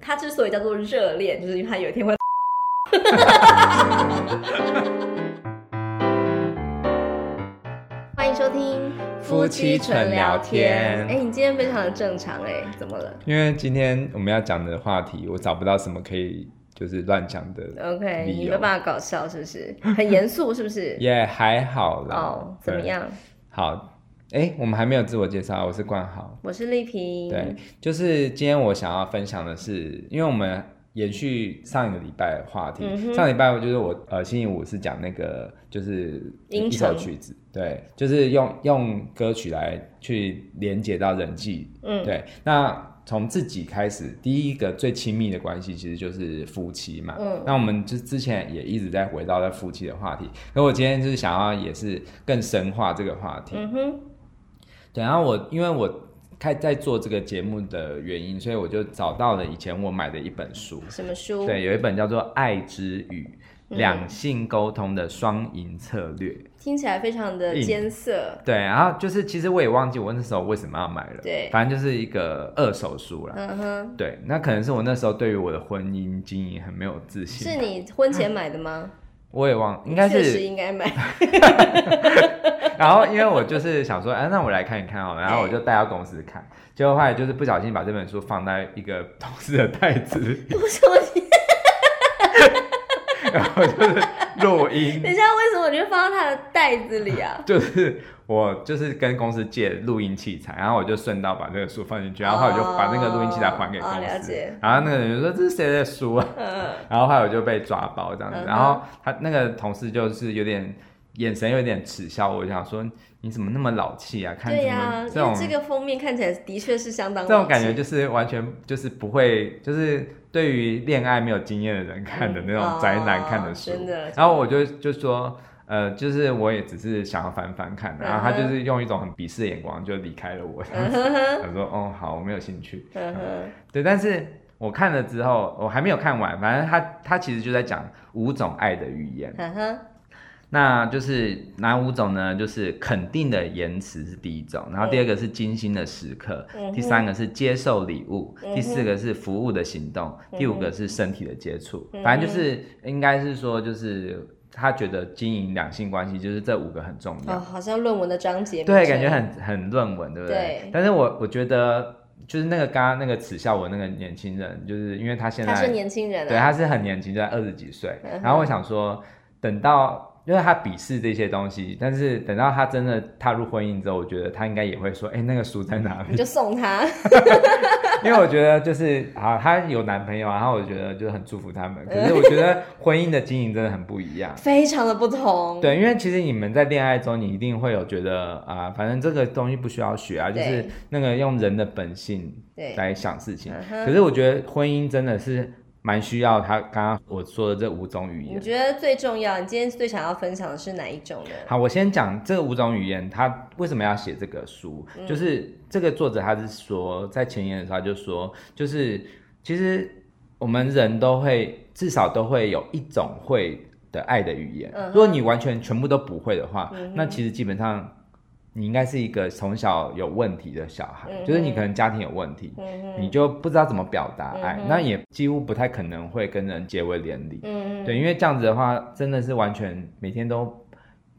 他之所以叫做熱戀，就是因為他有一天會。哈歡迎收聽夫妻純聊天。哎， 你今天非常的正常哎，怎麼了？因為今天我們要講的話題，我找不到什麼可以就是亂講的。OK，你沒辦法搞笑是不是？很嚴肅是不是？也、 yeah, 還好啦。哦，怎麼樣？好。欸、我們還沒有自我介紹。我是冠豪，我是麗萍。對，就是今天我想要分享的是，因為我們延續上一個禮拜的話題，嗯、哼上禮拜就是我呃星期五是講那個就是程一首曲子，對，就是用用歌曲來去連接到人際。嗯，對。那從自己開始，第一個最親密的關係其實就是夫妻嘛。嗯，那我們就之前也一直在圍繞在夫妻的話題，可我今天就是想要也是更深化這個話題。嗯對，然後我因為我開在做這個節目的原因，所以我就找到了以前我買的一本書。什麼書？對，有一本叫做《愛之語：兩性溝通的雙贏策略》，嗯、聽起來非常的艱澀、嗯。對，然後就是其實我也忘記我那時候為什麼要買了。對，反正就是一個二手書啦。嗯哼。對，那可能是我那時候對於我的婚姻經營很沒有自信、啊。是你婚前買的嗎？嗯我也忘了，應該是確實應該買。 然後，因為我就是想說，哎、啊，那我來看一看哦。然後我就帶到公司看，欸、結果後來就是不小心把這本書放在一個同事的袋子裡，不小心。然後 就是錄音，等一下為什麼？我就放到他的袋子裡啊。就是我就是跟公司借錄音器材，然後我就順道把這個書放進去，然後，後來我就把那個錄音器材還給公司。了解。然後那個人就說：“這是誰的書啊？”然後後來我就被抓包這樣子。然後他那個同事就是有點。眼神有點恥笑，我就想說你怎麼那麼老氣啊？對啊，看，對呀，因為這個封面看起來的確是相當這種感覺，就是完全就是不會，就是對於戀愛沒有經驗的人看的那種宅男看的書。真的、嗯。哦、然後我就就說，呃，就是我也只是想要翻翻看，然後他就是用一種很鄙視的眼光就離開了我，他說：“哦、嗯，好，我沒有興趣。嗯”嗯、對，但是我看了之後，我還沒有看完，反正他他其實就在講五種愛的語言。嗯那就是哪五種呢？就是肯定的言辭是第一種，然後第二個是精心的時刻，嗯、哼第三個是接受禮物，嗯、哼第四個是服務的行動，嗯、哼第五個是身體的接觸。反正、嗯、哼就是應該是說，就是他覺得經營兩性關係就是這五個很重要。哦，好像論文的章節，對，感覺很很論文，對不對？對。但是我，我我覺得就是那個剛剛那個恥笑我那個年輕人，就是因為他現在他是年輕人、啊，對，他是很年輕，就在二十幾歲。嗯、哼然後我想說，等到。因為他鄙視這些東西，但是等到他真的踏入婚姻之後，我覺得他應該也會說：“哎、欸，那個書在哪裡？”你就送他， 因為我覺得就是啊，他有男朋友、啊，然後我覺得就是很祝福他們。可是我覺得婚姻的經營真的很不一樣， 非常的不同。對，因為其實你們在戀愛中，你一定會有覺得啊、呃，反正這個東西不需要學啊，對就是那個用人的本性來想事情。Uh huh、可是我覺得婚姻真的是。蠻需要他剛剛我說的這五種語言。你覺得最重要？你今天最想要分享的是哪一種呢？好，我先講這五種語言，他為什麼要寫這個書？嗯、就是這個作者他是說，在前言的時候他就說，就是其實我們人都會至少都會有一種會的愛的語言。嗯、哼如果你完全全部都不會的話，嗯、哼那其實基本上，你應該是一個從小有問題的小孩，嗯、哼就是你可能家庭有問題，嗯、哼你就不知道怎麼表達愛，嗯、哼那也幾乎不太可能會跟人結為連理。嗯、哼對，因為這樣子的話，真的是完全每天都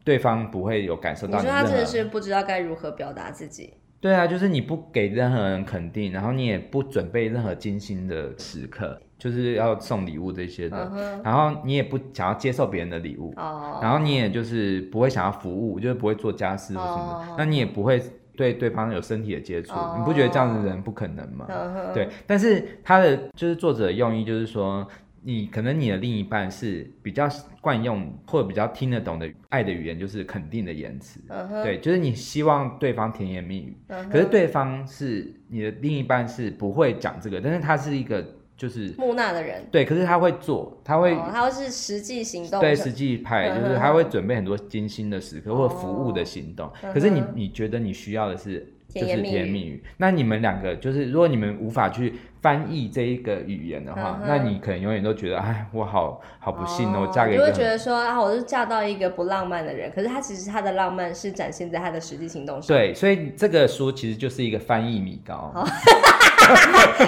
對方不會有感受到你。你覺得他真的是不知道該如何表達自己？對啊，就是你不給任何人肯定，然後你也不準備任何精心的時刻。就是要送禮物這些的，uh huh. 然後你也不想要接受別人的禮物，uh huh. 然後你也就是不會想要服務，就是不會做家事或什麼，那、uh huh. 你也不會對對方有身體的接觸，uh huh. 你不覺得這樣的人不可能嗎？Uh huh. 對，但是他的就是作者用意就是說，你可能你的另一半是比較慣用或者比較聽得懂的愛的語言，就是肯定的言辭，uh huh. 對，就是你希望對方甜言蜜語，uh huh. 可是對方是你的另一半是不會講這個，但是他是一個。就是木訥的人，對，可是他會做，他會，哦、他是實際行動，對，實際派，嗯、哼就是他會準備很多精心的時刻或服務的行動。嗯、哼可是你你覺得你需要的是就是甜言蜜語，蜜語，那你們兩個就是如果你們無法去翻譯這一個語言的話，嗯、哼那你可能永遠都覺得，哎，我好好不幸哦，哦嫁給你會覺得說啊，我就嫁到一個不浪漫的人。可是他其實他的浪漫是展現在他的實際行動上。對，所以這個書其實就是一個翻譯米糕。哦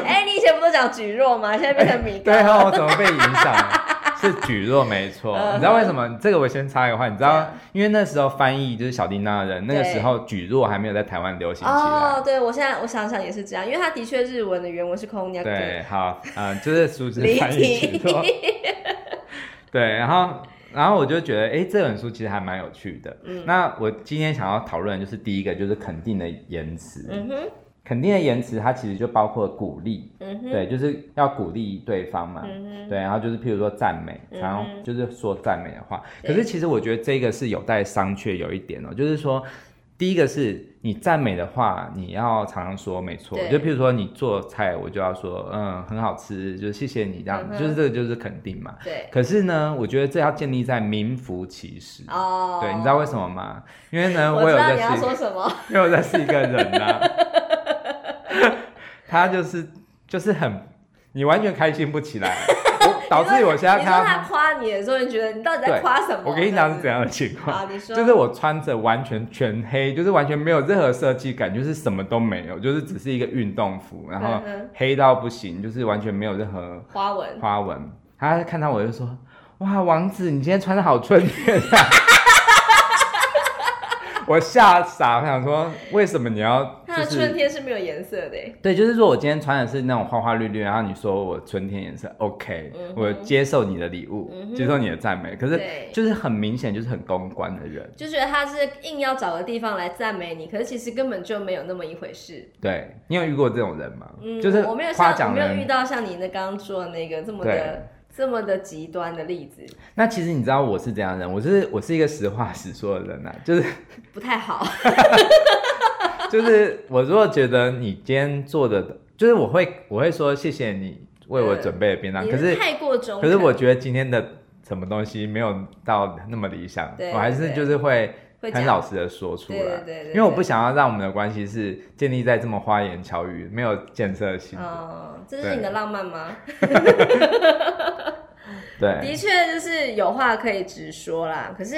哎、 欸，你以前不都講蒟蒻嗎？現在變成米高，欸？對哈，我怎麼被影響？ 是蒟蒻沒錯。 你知道為什麼？ 這個我先插一個話，你知道，嗯、因為那時候翻譯就是小丁娜的人，對那個時候蒟蒻還沒有在台灣流行起來。哦，對，我現在我想想也是這樣，因為他的確日文的原文是空鳥。對，好，嗯，就是書是翻譯蒟蒻。 對，然後，然後我就覺得，哎、欸，這本書其實還蠻有趣的。嗯、那我今天想要討論的就是第一個，就是肯定的言辭。嗯哼。肯定的言辭，它其實就包括鼓勵，對，就是要鼓勵對方嘛，對，然後就是譬如說讚美，然後就是說讚美的話。可是其實我覺得這個是有待商榷有一點哦，就是說，第一個是你讚美的話，你要常常說沒錯，就譬如說你做菜，我就要說嗯很好吃，就是謝謝你這樣，就是這個就是肯定嘛。對。可是呢，我覺得這要建立在名符其實哦。對，你知道為什麼嗎？因為呢，我有在你要說什麼，因為我在是一個人啦。他就是就是很，你完全開心不起來 我，導致我現在他誇你的時候，你覺得你到底在誇什麼？啊？我跟你講是怎樣的情況，就是我穿着完全全黑，就是完全沒有任何設計感，就是什麼都沒有，就是只是一個運動服，然後黑到不行，就是完全沒有任何花紋花紋。他看到我就說：“哇，王子，你今天穿的好春天啊！” 我嚇傻，我想說為什麼你要？那春天是沒有顏色的、欸。對，就是說我今天穿的是那種花花綠綠，然後你說我春天顏色 OK，、嗯、哼我接受你的禮物，嗯、哼接受你的讚美。可是就是很明顯，就是很公關的人，就覺得他是硬要找個地方來讚美你，可是其實根本就沒有那麼一回事。對，你有遇過這種人嗎？嗯、就是我沒有像我沒有遇到像你那剛剛說的那個這麼的對這麼的極端的例子。那其實你知道我是怎樣的人？我是我是一個實話實說的人啊，就是不太好。 就是我如果覺得你今天做的，就是我會我會說，謝謝你為我準備的便當，嗯、可是，是太過重，可是我覺得今天的什麼東西沒有到那麼理想，對對對，我還是就是會很老實的說出來，因為我不想要讓我們的關係是建立在這麼花言巧語，沒有建設性的。哦、嗯，這是你的浪漫嗎？ 對，對，的確就是有話可以直說啦，可是。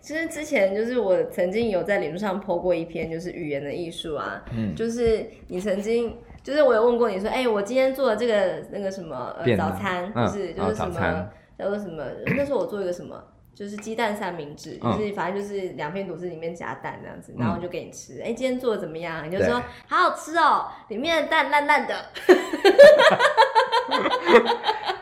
其實之前就是我曾經有在臉書上 PO 過一篇，就是語言的藝術啊，嗯、就是你曾經，就是我有問過你說，哎、欸，我今天做的這個那個什麼、呃、了早餐，就是、嗯、就是什麼，叫做什麼，那時候我做一個什麼，就是雞蛋三明治，就是反正就是兩片吐司裡面夾蛋這樣子，嗯、然後我就給你吃，哎、欸，今天做的怎麼樣？你就說對好好吃哦，裡面的蛋爛爛的。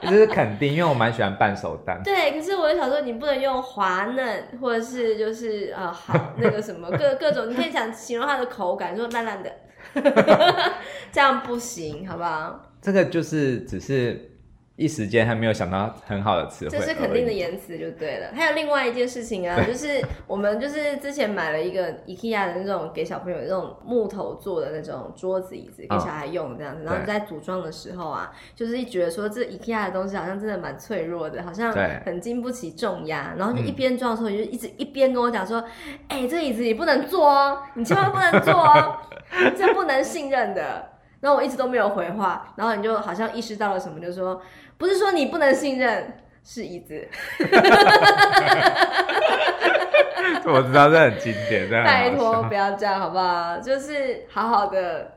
這 是肯定，因為我蠻喜歡半熟蛋。對，可是我想說，你不能用滑嫩或者是就是、呃、好那個什麼各各種，你可以想形容它的口感，就爛爛的， 這樣不行，好不好？這個就是只是。一時間還沒有想到很好的詞，這是肯定的言辭就對了。 還有另外一件事情啊，對就是我們就是之前買了一個 IKEA 的那種給小朋友那種木頭做的那種桌子椅子，哦、給小孩用這樣子。然後在組裝的時候啊，對就是一覺得說這 IKEA 的東西好像真的蠻脆弱的，好像很經不起重壓。對然後就一邊裝的時候，嗯、就一直一邊跟我講說：“哎、欸，這個、椅子你不能坐，你千萬不能坐， 這不能信任的。”然後我一直都沒有回話，然後你就好像意識到了什麼，就說不是說你不能信任，是椅子。 我知道這很經典，這很難聽。拜託不要這樣好不好？就是好好的。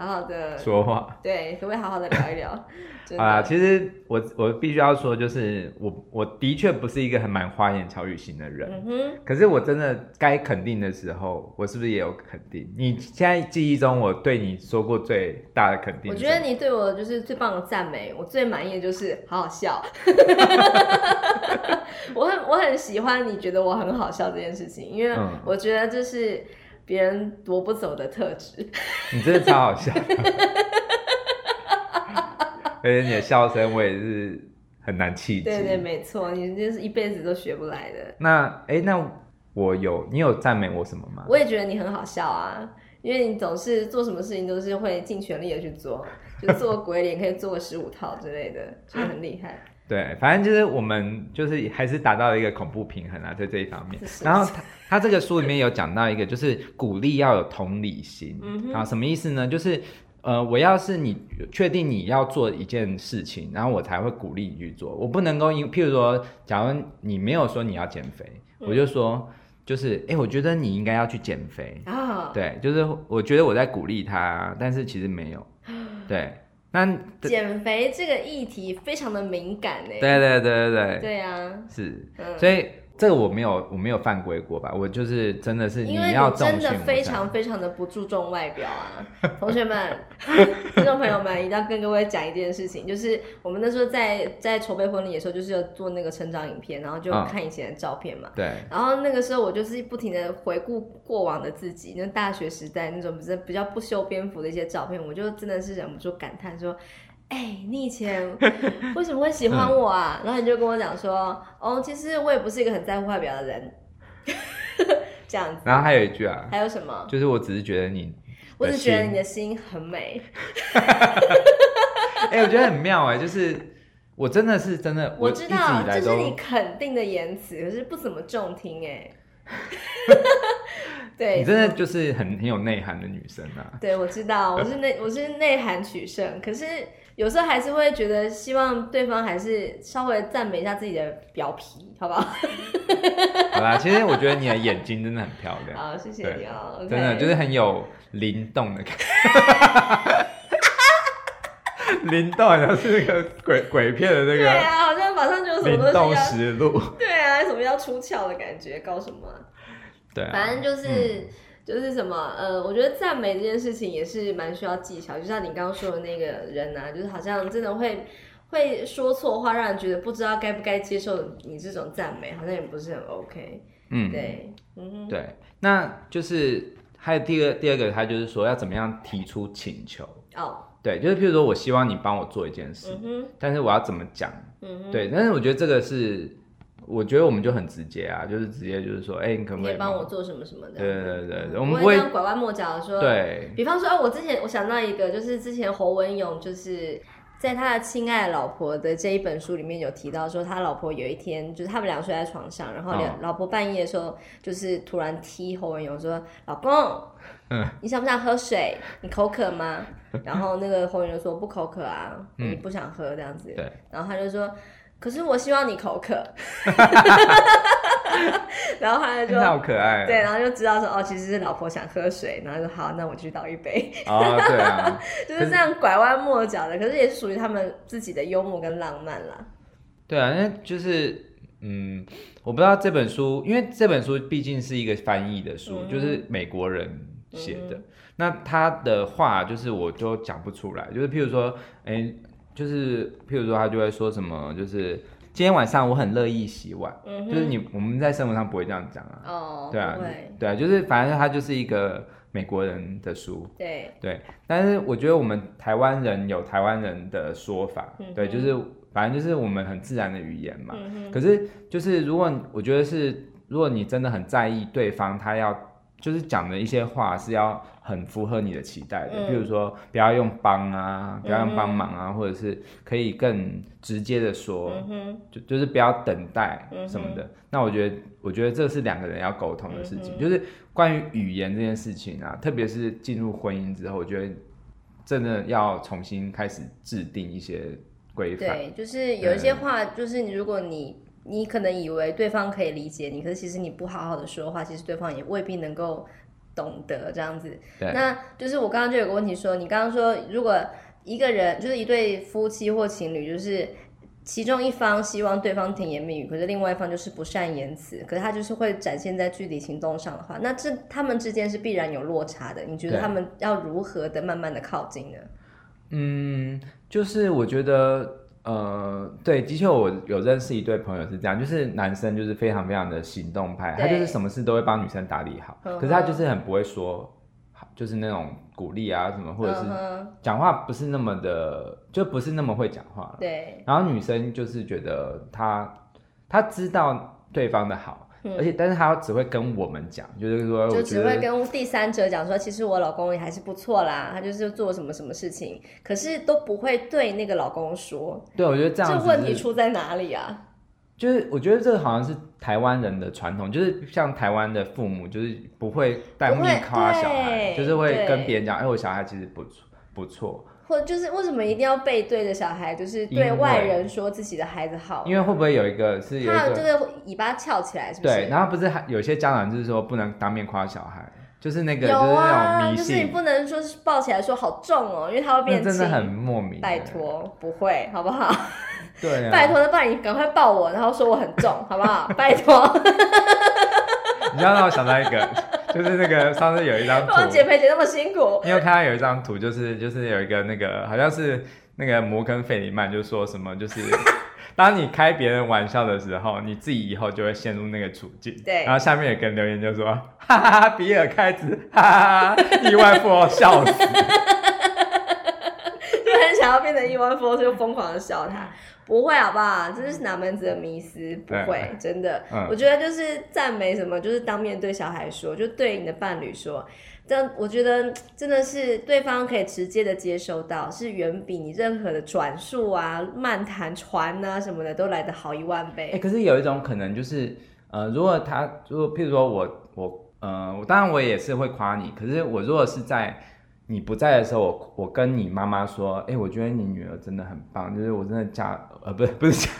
好好的說話，對，可不可以好好的聊一聊。 的啊，其實我我必須要說，就是我我的確不是一個很蠻花言巧語型的人。嗯、哼可是我真的該肯定的時候，我是不是也有肯定？你現在記憶中我對你說過最大的肯定的，我覺得你對我就是最棒的讚美。我最滿意的就是好好笑。我很我很喜歡你覺得我很好笑這件事情，因為我覺得就是。嗯別人奪不走的特質，你真的超好笑， 而且你的笑聲我也是很難氣質。對,對對，沒錯，你就是一輩子都學不來的。那哎、欸，那我有你有讚美我什麼嗎？我也覺得你很好笑啊，因為你總是做什麼事情都是會盡全力的去做，就是、做鬼臉 可以做個十五套之類的，就很厲害。啊對，反正就是我們就是還是達到了一個恐怖平衡啊，在這一方面。是是是，然後他他這個書裡面有講到一個，就是鼓勵要有同理心啊，嗯、哼。然後什麼意思呢？就是呃，我要是你確定你要做一件事情，然後我才會鼓勵你去做。我不能夠，譬如說，假如你沒有說你要減肥，嗯、我就說就是，哎、欸，我覺得你應該要去減肥啊。哦、對，就是我覺得我在鼓勵他、啊，但是其實沒有，對。那難減肥這個議題非常的敏感嘞！對對對對對，對呀，對啊，是，嗯，所以。這個我沒有，我沒有犯規過吧？我就是真的是你要重我，因為你真的非常非常的不注重外表啊， 同學們，聽 眾朋友們，一定要跟各位講一件事情，就是我們那時候在在籌備婚禮的時候，就是要做那個成長影片，然後就看以前的照片嘛。哦、對。然後那個時候我就是不停的回顧過往的自己，那大學時代那種比較不修邊幅的一些照片，我就真的是忍不住感嘆說。哎、欸，你以前為什麼會喜歡我啊？然後你就跟我講說，嗯、哦，其實我也不是一個很在乎外表的人， 這樣子。然後還有一句啊，還有什麼？就是我只是覺得你，我只是覺得你的心很美。哎、 欸，我覺得很妙哎、欸，就是我真的是真的，我知道，我就是你肯定的言辭，可是不怎麼中聽哎、欸。 對，你真的就是很很有內涵的女生啊！ 對，我知道，我是內我是內涵取勝，可是。有時候還是會覺得，希望對方還是稍微讚美一下自己的表皮，好不好？ 好啦，其實我覺得你的眼睛真的很漂亮。 對好，謝謝你哦、啊。真的對 Okay 就是很有靈動的感覺，靈動好像是那個鬼鬼片的那個，對啊，好像馬上就有什麼東西，靈動實錄，對啊，什麼要出竅的感覺，搞什麼？對，反正就是。 嗯就是什麼呃，我覺得讚美這件事情也是蠻需要技巧，就像你剛剛說的那個人啊，就是好像真的會會說錯話，讓人覺得不知道該不該接受你這種讚美，好像也不是很 OK。嗯，對、嗯哼，嗯，對，那就是還有第二第二個他就是說要怎麼樣提出請求哦，對，就是譬如說我希望你幫我做一件事，嗯哼，但是我要怎麼講？嗯哼，對，但是我覺得這個是。我覺得我們就很直接啊，就是直接就是說，哎、欸，你可不可以幫我做什麼什麼的？對，對對對，我們不會，會這樣拐彎抹角的說。對比方說，哎、哦，我之前我想到一個，就是之前侯文詠就是在他的《親愛的老婆》的這一本書裡面有提到說，他老婆有一天就是他們倆睡在床上，然後兩、哦、老婆半夜的時候，就是突然踢侯文詠說，老公，嗯、你想不想喝水？你口渴嗎？然後那個侯文詠說不口渴啊，嗯、你不想喝這樣子。對，然後他就說。可是我希望你口渴， 然後後來就、欸、好可愛、啊，對，然後就知道說哦，其實是老婆想喝水，然後就說好，那我去倒一杯， 哦對啊、 就是這樣拐彎抹角的。可是，可是也是屬於他們自己的幽默跟浪漫啦。對啊，那就是嗯，我不知道這本書，因為這本書畢竟是一個翻譯的書，嗯、就是美國人寫的，嗯、那他的話就是我就講不出來，就是譬如說，哎、欸。就是，譬如說，他就會說什麼，就是今天晚上我很樂意洗碗，嗯、哼就是你我們在生活上不會這樣講啊，哦、對啊，會對啊，就是反正他就是一個美國人的書，對對，但是我覺得我們台灣人有台灣人的說法，嗯、哼對，就是反正就是我們很自然的語言嘛，嗯、哼可是就是如果我覺得是，如果你真的很在意對方，他要。就是講的一些話是要很符合你的期待的，嗯、比如說不要用幫啊，不要用幫忙啊，嗯、哼或者是可以更直接的說，嗯、哼就就是不要等待什麼的。嗯、哼那我覺得，我覺得這是兩個人要溝通的事情，嗯、哼就是關於語言這件事情啊，特別是進入婚姻之後，我覺得真的要重新開始制定一些規範，對，就是有一些話，就是如果你。你可能以為對方可以理解你，可是其實你不好好的說話，其實對方也未必能夠懂得這樣子。對那就是我剛剛就有個問題說，你剛剛說如果一個人就是一對夫妻或情侶，就是其中一方希望對方甜言蜜語，可是另外一方就是不善言辭，可是他就是會展現在具體行動上的話，那這他們之間是必然有落差的。你覺得他們要如何的慢慢的靠近呢？嗯，就是我覺得。呃，對，的確，我有認識一對朋友是這樣，就是男生就是非常非常的行動派，對他就是什麼事都會幫女生打理好，呵呵。可是他就是很不會說，就是那種鼓勵啊什麼，或者是講話不是那麼的，呵呵就不是那麼會講話。對，然後女生就是覺得他他知道對方的好。而且，但是他只會跟我們講，就是說我，就只會跟第三者講說，其實我老公也還是不錯啦，他就是做什麼什麼事情，可是都不會對那個老公說。對，我覺得這樣。這問題出在哪裡啊？就是我覺得這個好像是台灣人的傳統，就是像台灣的父母，就是不會當面誇小孩，就是會跟別人講，對哎，我小孩其實不錯，不錯。或就是為什麼一定要背對着小孩，就是對外人說自己的孩子好？因為會不會有一個是有一個他這個尾巴翹起來，是不是？對。然後不是還有些家長就是說不能當面誇小孩，就是那個有啊，就是，迷信就是你不能說是抱起來說好重哦、喔，因為他會變、嗯、真的很莫名、欸。拜託，不會，好不好？對、啊，拜託，那爸你趕快抱我，然後說我很重，好不好？拜託，你要讓我想到、那、一個？就是那個上次有一張圖，減肥姐那麼辛苦。你有看到有一張圖，就是就是有一個那個，好像是那個摩根弗里曼，就說什麼，就是 當你開別人玩笑的時候，你自己以後就會陷入那個處境。對。然後下面有個留言就說：“哈哈哈，比爾開資，哈哈哈，億萬富翁笑死。” 就很想要變成億萬富翁，就瘋狂的笑他。不會，好不好？這是哪門子的迷思？不會，對真的。嗯，我覺得就是讚美什麼，就是當面對小孩說，就對你的伴侶說。但我覺得真的是對方可以直接的接收到，是遠比你任何的轉述啊、漫談傳啊什麼的都來得好一萬倍。欸，可是有一種可能就是，呃，如果他，如果譬如說我，我，呃，當然我也是會誇你，可是我如果是在。你不在的時候，我我跟你媽媽說，哎，我覺得你女兒真的很棒，就是我真的嫁呃，不是不是嫁，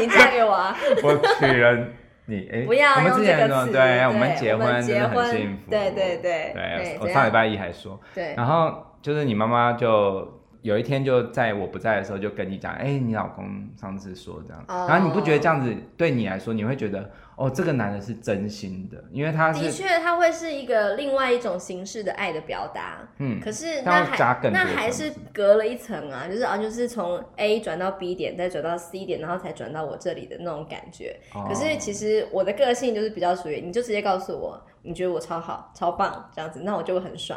你嫁給我啊。我娶人，你，哎，不要用這個詞，對，我們結婚真的很幸福，對對對對，我上禮拜一還說，然後就是你媽媽就。有一天就在我不在的時候，就跟你講，哎、欸，你老公上次說這樣，Oh. 然後你不覺得這樣子對你來說，你會覺得哦，這個男的是真心的，因為他是的確他會是一個另外一種形式的愛的表達。嗯，可是那還但有那還是隔了一層啊，就是啊，就是從 A 轉到 B 點，再轉到 C 點，然後才轉到我這裡的那種感覺。Oh. 可是其實我的個性就是比較屬於，你就直接告訴我，你覺得我超好、超棒這樣子，那我就會很爽。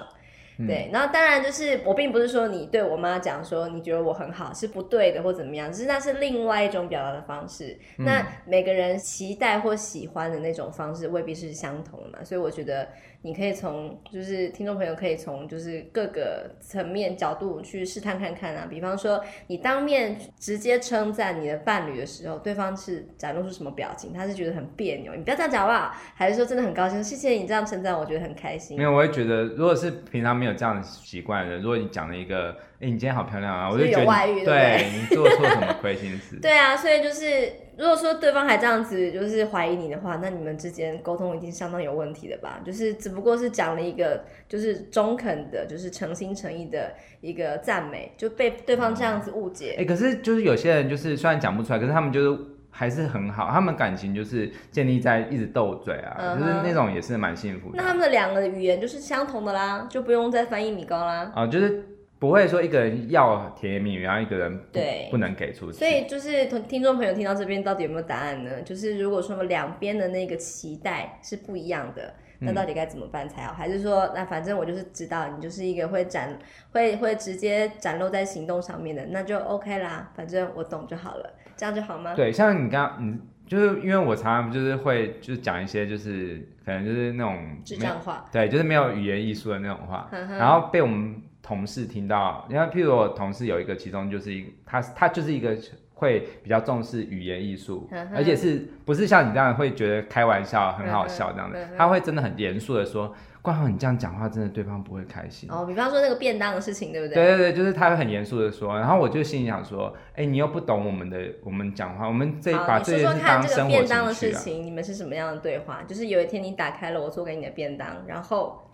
對，那當然就是我並不是說你對我媽講說你覺得我很好是不對的，或怎麼樣，只是那是另外一種表達的方式。那每個人期待或喜歡的那種方式未必是相同的嘛，所以我覺得。你可以從就是聽眾朋友可以從就是各個層面角度去試探看看啊，比方說你當面直接稱讚你的伴侶的時候，對方是展露出什麼表情？他是覺得很彆扭，你不要這樣講好不好？還是說真的很高興，謝謝你這樣稱讚，我覺得很開心。沒有，我會覺得，如果是平常沒有這樣的習慣的人，如果你講了一個，哎，你今天好漂亮啊，我就覺得你有外遇，對，對你做錯什麼虧心事？ 對啊，所以就是。如果說對方還這樣子就是懷疑你的話，那你們之間溝通已經相當有問題了吧？就是只不過是講了一個就是中肯的，就是誠心誠意的一個讚美，就被對方這樣子誤解。哎、嗯啊欸，可是就是有些人就是雖然講不出來，可是他們就是還是很好，他們感情就是建立在一直鬥嘴啊，嗯、啊就是那種也是蠻幸福的。那他們的兩個語言就是相同的啦，就不用再翻譯米糕啦。啊、嗯哦，就是。不會說一個人要甜言蜜語，然後一個人不對不能給出，所以就是同聽眾朋友聽到這邊到底有沒有答案呢？就是如果說兩邊的那個期待是不一樣的，那到底該怎麼辦才好？嗯、還是說那反正我就是知道你就是一個會展會會直接展露在行動上面的，那就 OK 啦。反正我懂就好了，這樣就好嗎？對，像你剛剛、嗯、就是因為我常常就是會就是講一些就是可能就是那種智障話，對，就是沒有語言藝術的那種話，嗯、然後被我們。同事聽到，你看，譬如我同事有一個，其中就是一，他他就是一個會比較重視語言藝術， 而且是不是像你這樣會覺得開玩笑很好笑這樣子？ 他會真的很嚴肅的說：“冠浩，你這樣講話真的對方不會開心。”哦，比方說那個便當的事情，對不對？對對對，就是他會很嚴肅的說，然後我就心裡想說：“哎、欸，你又不懂我們的我們講話，我們這好把這件事當生活情緒啊。你說說看這個便當的事情，你們是什麼樣的對話？就是有一天你打開了我做給你的便當，然後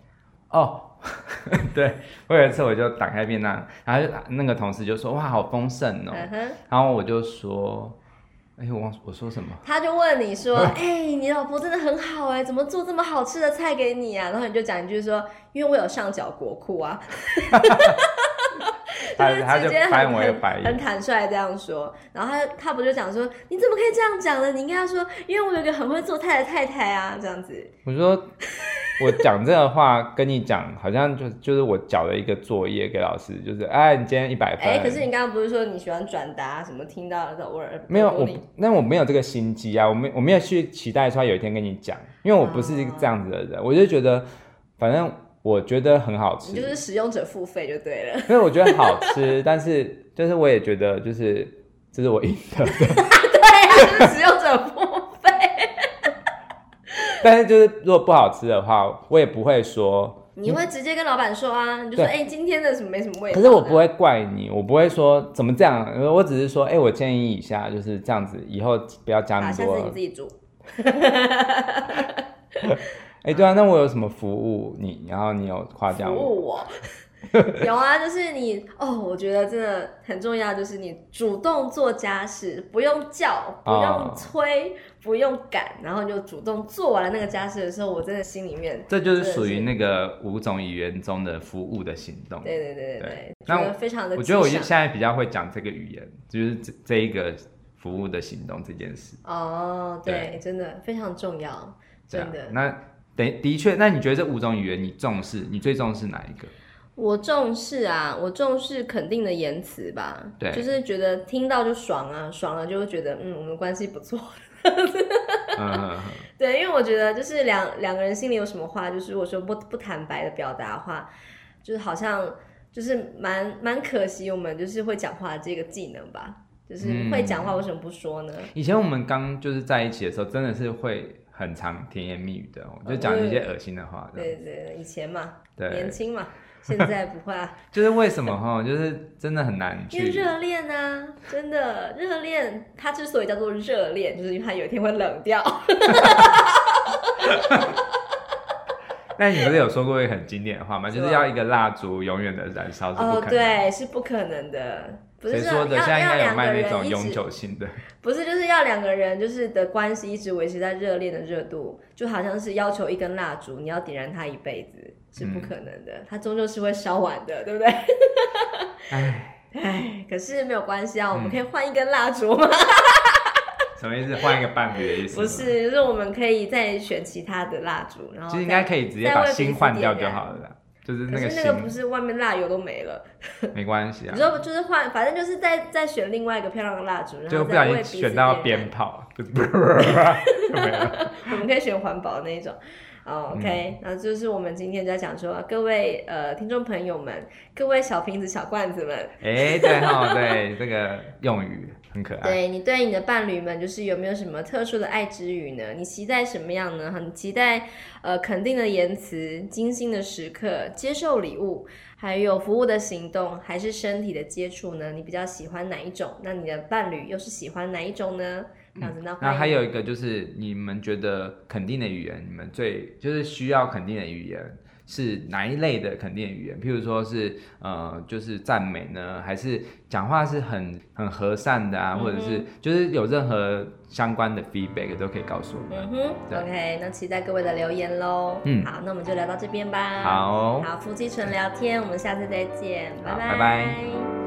哦。 對，我有一次，我就打開便當，然後那個同事就說：“哇，好豐盛哦、喔！”然後我就說：“哎，我我說什麼？”他就問你說：“哎、欸，你老婆真的很好哎、欸，怎麼做這麼好吃的菜給你啊？”然後你就講一句說：“因為我有上繳國庫啊。 就直接”他 他就很很坦率這樣說，然後他他不就講說：“你怎麼可以這樣講呢？你應該說，因為我有一個很會做菜的太太啊，這樣子。”我說。 我講這個話跟你講，好像就就是我繳了一個作業給老師，就是哎，你今天一百分。哎、欸，可是你剛剛不是說你喜歡轉達什麼？聽到了的味兒。沒有我，那我沒有這個心機啊，我沒我沒有去期待說有一天跟你講，因為我不是一個這樣子的人，嗯、我就覺得反正我覺得很好吃，你就是使用者付費就對了。因為我覺得好吃， 但是就是我也覺得就是這是我贏的。 對呀、啊，就是使用。但是就是如果不好吃的話，我也不會說。你會直接跟老板說啊？你就說哎對、欸，今天的什麼沒什麼味道。可是我不會怪你，我不會說怎麼這樣。我只是說哎、欸，我建議一下，就是這樣子，以後不要加那麼多了、啊。下次你自己煮。哎， 欸、對啊，啊那我有什麼服務你？然後你有誇獎我。 有啊，就是你哦，我覺得真的很重要，就是你主動做家事，不用叫，不用催，哦、不用趕，然後你就主動做完了那個家事的時候，我真的心裡面這，就是屬於那個五種語言中的服務的行動。對對對對對，對那非常的。我覺得我現在比較會講這個語言，就是這這一個服務的行動這件事。哦，對，對真的非常重要。啊、真的，那的的確，那你覺得這五種語言，你重視，你最重視哪一個？我重視啊，我重視肯定的言辭吧，對，就是覺得聽到就爽啊，爽了就會覺得嗯，我們關係不錯。 uh huh. 對，因為我覺得就是兩兩個人心裡有什麼話，就是我說不不坦白的表達的話，就是好像就是蠻蠻可惜，我們就是會講話的這個技能吧，就是會講話，為什麼不說呢？嗯、以前我們剛就是在一起的時候，真的是會很常甜言蜜語的，uh huh. 就講一些噁心的話。對對,對,對,對，以前嘛，對年輕嘛。現在不會啊， 就是為什麼哈？就是真的很難去。因為熱戀啊，真的熱戀，它之所以叫做熱戀，就是因為它有一天會冷掉。那你不是有說過一個很經典的話嗎？是吧，就是要一個蠟燭永遠的燃燒。是哦，oh, 對，是不可能的。誰不是說的，現在應該有賣那種永久性的。不是，就是要兩個人，就是的關係一直維持在熱戀的熱度，就好像是要求一根蠟燭，你要點燃它一輩子是不可能的，嗯、它終究是會燒完的，對不對？哎 唉，可是沒有關係啊，嗯、我們可以換一根蠟燭嗎？ 什麼意思？換一個伴侶的意思？不是，就是我們可以再選其他的蠟燭，然後其實應該可以直接把芯換掉就好了。就是那個，可是那個不是外面蠟油都沒了？沒關係啊。你說就是換，反正就是再再選另外一個漂亮的蠟燭，然後不小心再為彼此選到鞭炮，不是不是，我們可以選環保的那一種。Oh, OK，、嗯、然後就是我們今天在講說，各位呃聽眾朋友們，各位小瓶子小罐子們，哎、欸哦，對，對， 這個用語。很可愛。對你對你的伴侶們，就是有沒有什麼特殊的愛之語呢？你期待什麼樣呢？很期待呃肯定的言辭、精心的時刻、接受禮物，還有服務的行動，還是身體的接觸呢？你比較喜歡哪一種？那你的伴侶又是喜歡哪一種呢？嗯，那還有一個就是你們覺得肯定的語言，你們最就是需要肯定的語言。是哪一類的肯定語言？譬如說是，呃，就是讚美呢，還是講話是很很和善的啊？嗯、哼或者是就是有任何相關的 feedback 都可以告訴我們嗯哼，對，OK，那期待各位的留言咯。嗯，好，那我們就聊到這邊吧。好，好夫妻純聊天，我們下次再見，好拜拜。拜拜。